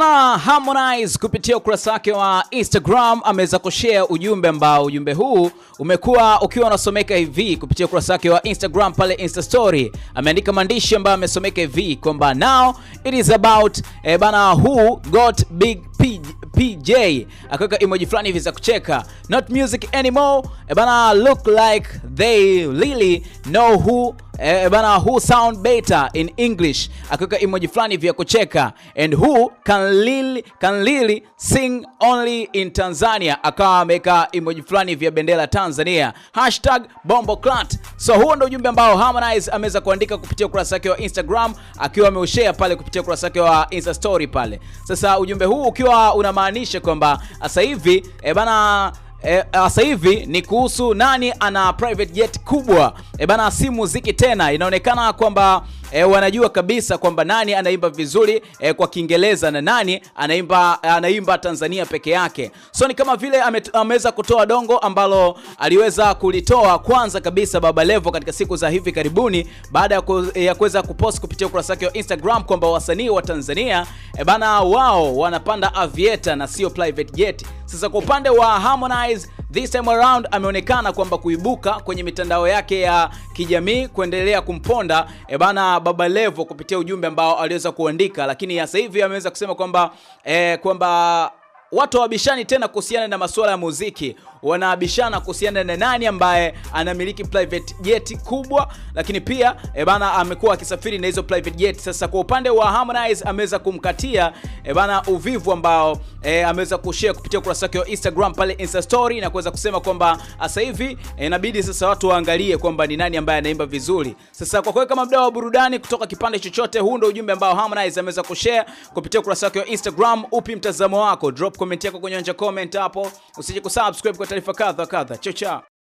Bana Harmonize kupitia ukurasa wake wa Instagram ameweza kushare ujumbe ambao ujumbe huu umekuwa ukiwa unasomeka hivi kupitia ukurasa wake wa Instagram pale Insta story. Ameandika maandishi ambayo amesomeka hivi kwamba now it is about eh, bana who got big PJ akaweka emoji fulani hivi za kucheka, not music anymore Ebana, eh, look like they really know who E, bana who sound better in English, akiweka emoji fulani vya kucheka, and who can really, can really sing only in Tanzania, akawa ameweka emoji fulani vya bendera Tanzania, hashtag bomboclat. So huo ndio ujumbe ambao Harmonize ameweza kuandika kupitia ukurasa wake wa Instagram, akiwa ameushea pale kupitia ukurasa wake wa Insta story pale. Sasa ujumbe huu ukiwa unamaanisha kwamba sasa hivi e, bana Eh, ah, sasa hivi ni kuhusu nani ana private jet kubwa. E bana, si muziki tena, inaonekana kwamba e, wanajua kabisa kwamba nani anaimba vizuri e, kwa Kiingereza na nani anaimba, anaimba Tanzania peke yake. So ni kama vile ameweza kutoa dongo ambalo aliweza kulitoa kwanza kabisa Baba Levo katika siku za hivi karibuni baada ya kuweza kupost kupitia ukurasa wake wa Instagram kwamba wasanii wa Tanzania e, bana wao wanapanda avieta na sio private jet. Sasa kwa upande wa Harmonize This time around ameonekana kwamba kuibuka kwenye mitandao yake ya kijamii kuendelea kumponda e bana Baba Levo kupitia ujumbe ambao aliweza kuandika, lakini sasa hivi ameweza kusema kwamba e, kwamba watu hawabishani tena kuhusiana na masuala ya muziki, wanaabishana kuhusiana na nani ambaye anamiliki private jet kubwa, lakini pia e bana amekuwa akisafiri na hizo private jet. Sasa kwa upande wa Harmonize ameweza kumkatia e bana uvivu ambao e, ameweza kushare kupitia ukurasa wake wa Instagram pale Insta story na kuweza kusema kwamba ah, sasa hivi inabidi e, sasa watu waangalie kwamba ni nani ambaye anaimba vizuri. Sasa kwa kweli, kama mdau wa burudani kutoka kipande chochote, huu ndio ujumbe ambao Harmonize ameweza kushare kupitia ukurasa wake wa Instagram. Upi mtazamo wako? Drop comment yako kwenye anja comment hapo. Usije kusubscribe kwa taarifa kadha kadha. Chao chao.